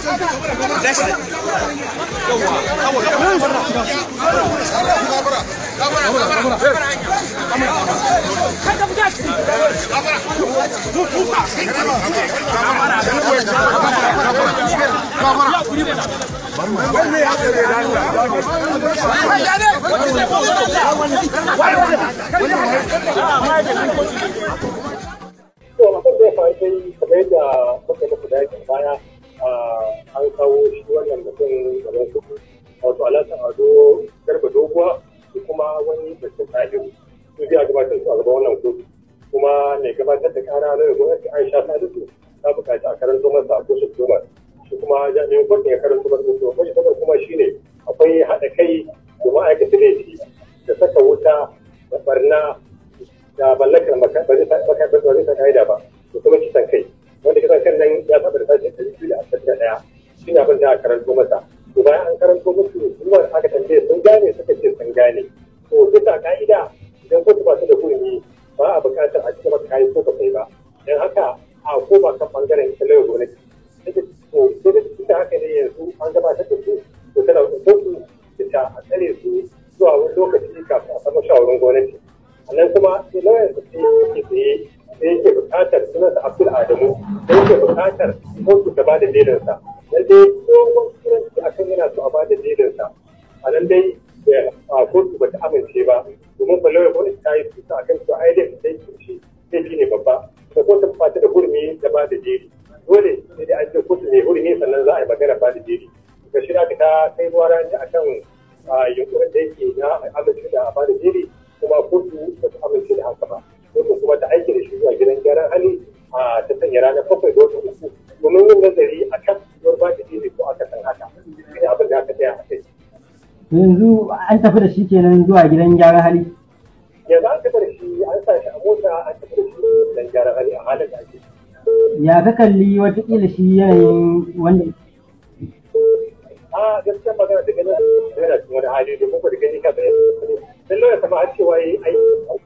Desce. Bueno, la gente de Farid también não porque no puede que vaya an kawo shi wannan mutum gaban su wato alasan ado garba doguwa da kuma wani mutum ɗalibu su biya gabatar su a gaban wannan kotu kuma mai gabatar da kara na an sha ta da su ta buƙaci a karanto masa a kusur tuma shi kuma jami'in kwatsa ya karanto masa su wani kasar kuma shine akwai haɗa kai da ma'aikata laifi da saka wuta da barna da mallakar makarantar daya shi ne abin da aka karanto masa to bayan an karanto musu ruwan aka tambaye sun gane suka ce sun gane to bisa ka'ida idan kotu ba su da hurumi ba a buƙatar a cikin kai ko kai ba dan haka a ko ba kan bangaren talauya gwamnati to sai da cikin haka ne yanzu an gabatar da su to tana kotu da ta a tsare su zuwa wani lokaci kafin a samu shawarin gwamnati sannan kuma sai lauyan su ke tsaye sai yake buƙatar sunansa abdul adamu sai yake buƙatar kotu ba da belinsa nan dai dogon kiranci akan yana so a ba da a nan dai a kotu ba ta amince ba domin balawai gwamnati ta yi tuta akan cewa ai dai ta yi tushe laifi ne babba da kotu ba ta da gurmi da ba da jeri dole sai dai an ce kotu ne hurumi sannan za a yi magana ba da jeri ga shirya ta kai ruwa a akan yunkurin da yake na amince da a ba da jeri yanzu an tafi da shi kenan zuwa gidan gyaran hali yanzu an tafi da shi an sa shi a mota an tafi da shi gidan gyaran hali a halin da ake ya ka kalli watakila shi yanayin wanda a gaskiya magana daga nan yana cikin wani hali domin ku da gani ka da sun lauya sama an cewa yi aiki